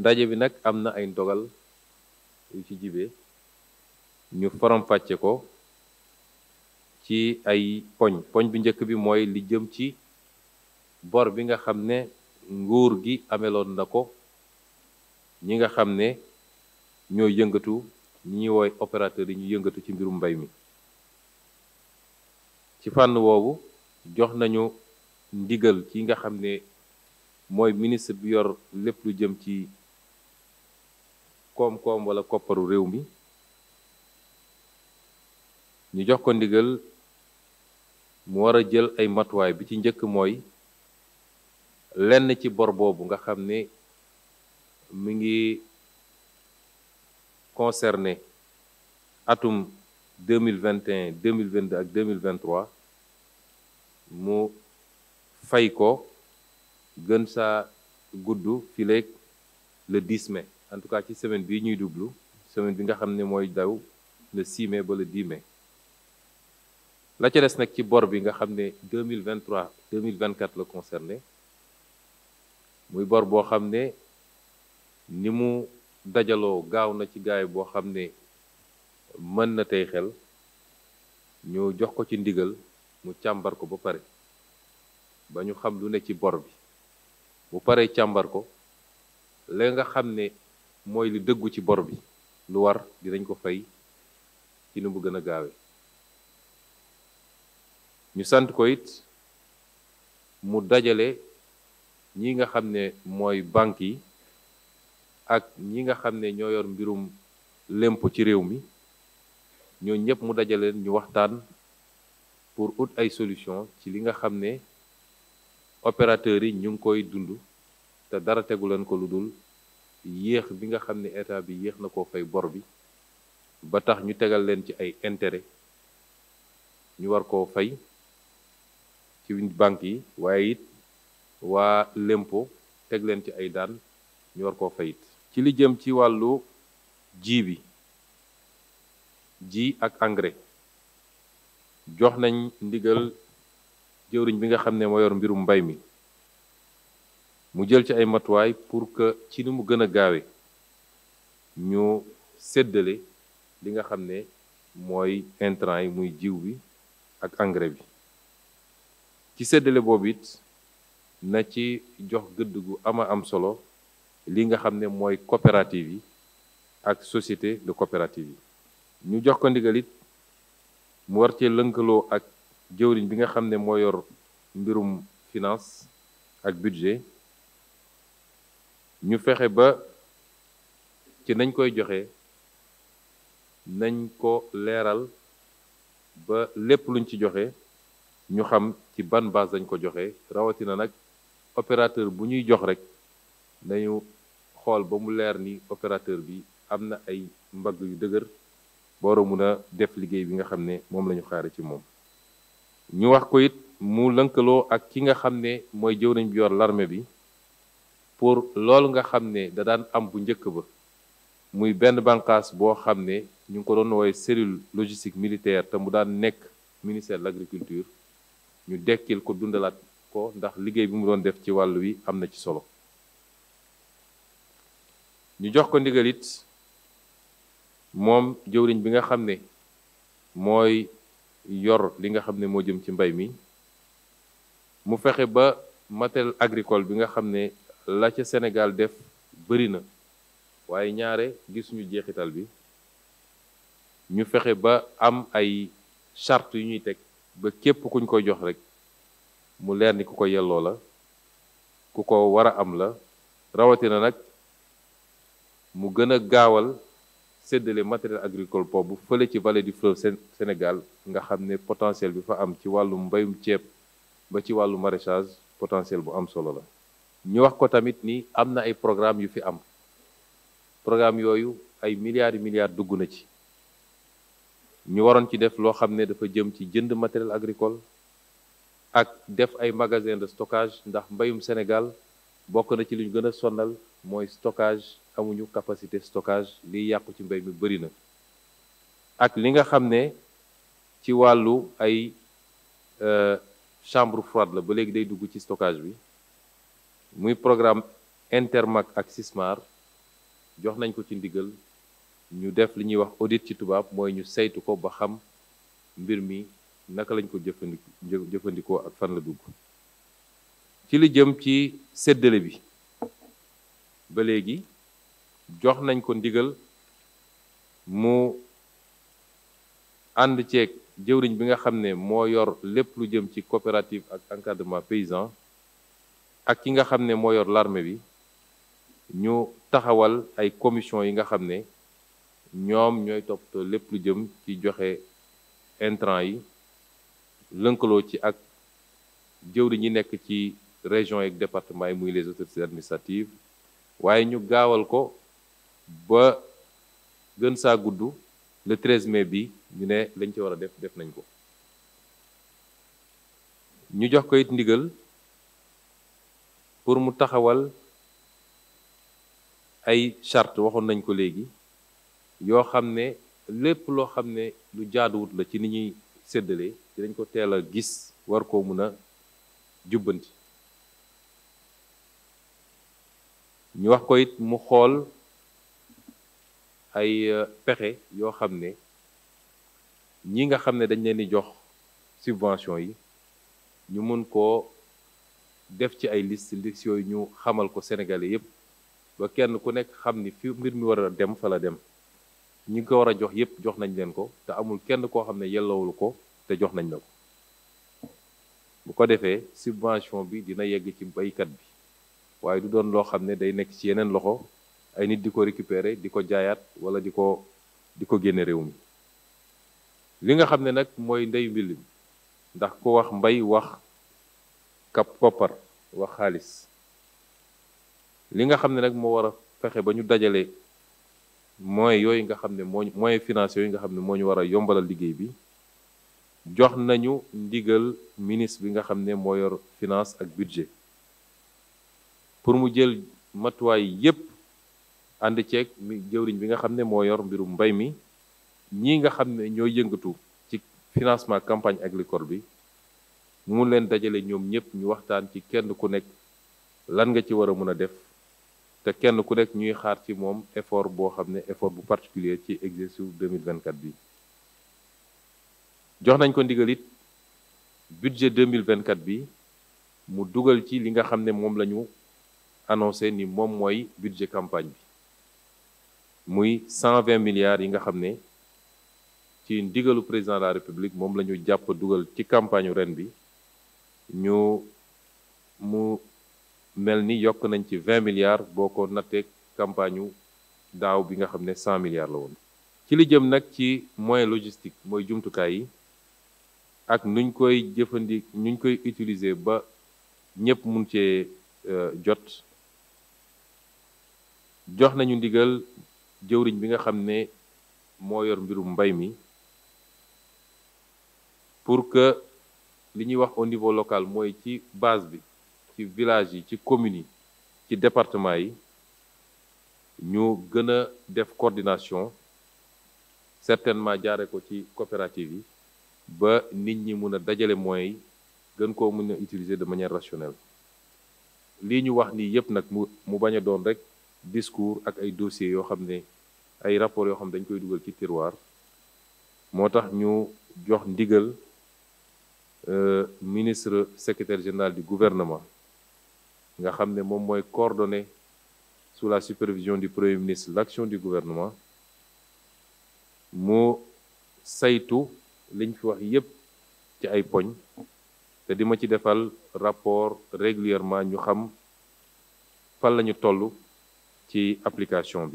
ndaje bi nag am na ay ndogal yu ci jibee ñu faram-fàcce ko ci ay poñ poñ bu njëkk bi mooy li jëm ci bor bi nga xam ne nguur gi ameloon na ko ñi nga xam ne ñoo yëngatu ñi ñuy wooy opérateur yi ñu yëngatu ci mbirum mbay mi ci fànn woowu jox nañu ndigal ci nga xam ne mooy ministre bi yor lépp lu jëm ci koom-koom wala kopparu réew mi ñu jox ko ndigal mu war a jël ay matuwaay bi ci njëkk mooy lenn ci bor boobu nga xam ni mu ngi conserné atum deux mille vingt et deux mille vingt ak deux mille vingt trois mu fay ko gën saa gudd fileeg le 10 mai. en tout cas ci semaine bii ñuy dublu semaine bi nga xam ne mooy daw le 6 mai ba le 10 mai la ca des nag ci bor bi nga xam ne 2023 2024 la concerné muy bor boo xam ne ni mu dajaloo gaaw na ci gaay boo xam ne mën na tey xel ñu jox ko ci ndigal mu càmbar ko ba pare ba ñu xam lu ne ci bor bi bu pare càmbar ko la nga xam ne mooy lu dëggu ci bor bi lu war dinañ ko fay ci nu mu gën a gaawe ñu sant ko it mu dajale ñi nga xam ne mooy banque yi ak ñi nga xam ne ñoo yor mbirum lémp ci réew mi ñoo ñëpp mu dajaleen ñu waxtaan pour ut ay solution ci li nga xam ne opérateurs yi ñu ngi koy dund te dara tegu ko lu dul yéex bi nga xam ne état bi yéex na koo fay bor bi ba tax ñu tegal leen ci ay intérêt ñu war koo fay ci banque yi waaye it waa lempo teg leen ci ay daan ñu war koo fay ci li jëm ci wàllu ji bi ji ak engrais jox nañ ndigal jëwriñ bi nga xam ne moo yor mbirum mbay mi mu jël ci ay matuwaay pour que ci ni mu gën a gaawe ñu séddale li nga xam ne mooy intrant yi muy jiw bi ak engrais bi ci séddale boobu it na ci jox gëdd gu ama am solo li nga xam ne mooy coopérative yi ak société de coopérative yi ñu jox ko ndigal mu war cee lënkaloo ak jëwriñ bi nga xam ne moo yor mbirum finance ak budget ñu fexe ba ci nañ koy joxe nañ ko leeral ba lépp luñ ci joxe ñu xam ci ban base dañ ko joxe rawatina nag opérateur bu ñuy jox rek nañu xool ba mu leer ni opérateur bi am na ay mbagg yu dëgër booro mun a def liggéey bi nga xam ne moom lañu ñu ci moom ñu wax ko it mu lënkaloo ak ki nga xam ne mooy jëw nañ bi yor l'armée bi pour loolu nga xam ne da daan am bu njëkk ba muy benn banqaas boo xam ne ñu ngi ko doon woowee cellule logistique militaire te mu daan nekk ministère de l'agriculture ñu dekkil ko dundalaat ko ndax liggéey bi mu doon def ci wàll wi am na ci solo ñu jox ko ndigal moom jëwliñ bi nga xam ne mooy yor li nga xam ne moo jëm ci mbay mi mu fexe ba matériel agricole bi nga xam ne la ca Sénégal def bëri na waaye ñaare gisuñu jeexital bi ñu fexe ba am ay charte yu ñuy teg ba képp kuñ koy jox rek mu leer ni ku ko yelloo la ku ko war a am la rawatina nag mu gën a gaawal séddale matériel agricole boobu fële ci di du fleuve Sénégal nga xam ne potentiel bi fa am ci wàllum mbayum ceeb ba ci wàllu maraîchage potentiel bu am solo la ñu wax ko tamit ni am na ay programme yu fi am programme yooyu ay milliards yu milliards dugg na ci ñu waroon ci def loo xam ne dafa jëm ci jënd matériel agricole ak def ay magasin de stockage ndax mbayum Sénégal bokk na ci li ñu gën a sonal mooy stockage amuñu capacité stockage liy yàqu ci mbay mi bëri na ak li nga xam ne ci wàllu ay euh, chambre froide la ba léegi day dugg ci stockage bi muy programme Intermac ak Sismar jox nañ ko ci ndigal ñu def li ñuy wax audit ci tubaab mooy ñu saytu ko ba xam mbir mi naka lañ ko jëfandikoo jëfandikoo ak fan la dugg ci li jëm ci séddale bi ba léegi jox nañ ko ndigal mu ànd ceeg jëwriñ bi nga xam ne moo yor lépp lu jëm ci coopérative ak encadrement paysan ak ki nga xam ne moo yor l'armée bi ñu taxawal ay commission yi nga xam ne ñoom ñooy toppatoo lépp lu jëm ci joxe intrant yi lënkaloo ci ak jëwriñ ñi nekk ci région yeeg département yi muy les autorités administratives waaye ñu gaawal ko ba gën saa gudd le 13 mai bi ñu ne lañ ci war a def def nañ ko ñu jox ko it ndigal pour mu taxawal ay charte waxoon nañ ko léegi yoo xam ne lépp loo xam ne lu jaaduwut la ci ni ñuy séddale dañ ko teelal gis war koo mun a jubbanti ñu wax ko it mu xool ay euh, pexe yoo xam ne ñi nga xam ne dañ leen di jox subvention yi ñu mun koo def ci ay liste liste yooyu ñu xamal ko Sénégalais yépp ba kenn ku nekk xam ni fi mbir mi war a dem fa la dem ñi ngi ko war a jox yépp jox nañ leen ko te amul kenn koo xam ne yellowul ko te jox nañ la ko bu ko defee subvention bi dina yegg ci baykat bi waaye du doon loo xam ne day nekk ci yeneen loxo ay nit di ko récupérer di ko jaayaat wala di ko di ko génne réew mi li nga xam ne nag mooy ndeyu mbil mi ndax ko wax mbay wax kap koppar wax xaalis li nga xam ne nag moo war a fexe ba ñu dajale mooy yooyu nga xam ne mooy moyens financiers yooyu nga xam ne moo ñu war a yombalal liggéey bi jox nañu ndigal ministre bi nga xam ne moo yor finance ak budget pour mu jël matuwaay yépp ànd ceeg mi jëwriñ bi nga xam ne moo yor mbirum mbay mi ñii nga xam ne ñoo yëngatu ci financement campagne agricole bi mu mun leen dajale ñoom ñëpp ñu waxtaan ci kenn ku nekk lan nga ci war a mën a def te kenn ku nekk ñuy xaar ci moom effort boo xam ne effort bu particulier ci exercice 2024 bi jox nañ ko ndigal it budget 2024 bi mu dugal ci li nga xam ne moom la ñu annoncé ni moom mooy budget campagne bi muy cent 120 milliards yi nga xam ne ci ndigalu président la république moom la ñu jàpp dugal ci campagne ren bi ñu mu mel ni yokk nañ ci vingt milliards boo ko nattee campagne ñu daaw bi nga xam ne cent milliards la woon. ci li jëm nag ci moyen logistique mooy jumtukaay yi ak nuñ koy jëfandik nuñ koy utiliser ba ñëpp mun cee euh, jot jox nañu ndigal jëwriñ bi nga xam ne moo yor mbirum mbay mi pour que. li ñuy wax au niveau local mooy ci base bi ci village yi ci communes yi ci département yi ñu gën a def coordination certainement jaare ko ci coopérative yi ba nit ñi mun a dajale moyens gën koo mun a utiliser de manière rationnelle lii ñu wax nii yépp nag mu mu bañ a doon rek discours ak ay dossiers yoo xam ne ay rapports yoo xam dañ koy dugal ci tiroir moo tax ñu jox ndigal euh, ministre secrétaire général du gouvernement Nous avons coordonné sous la supervision du premier ministre l'action du gouvernement nous saytu liñ fi wax yépp ci ay rapport régulièrement ñu xam fan la ñu toll application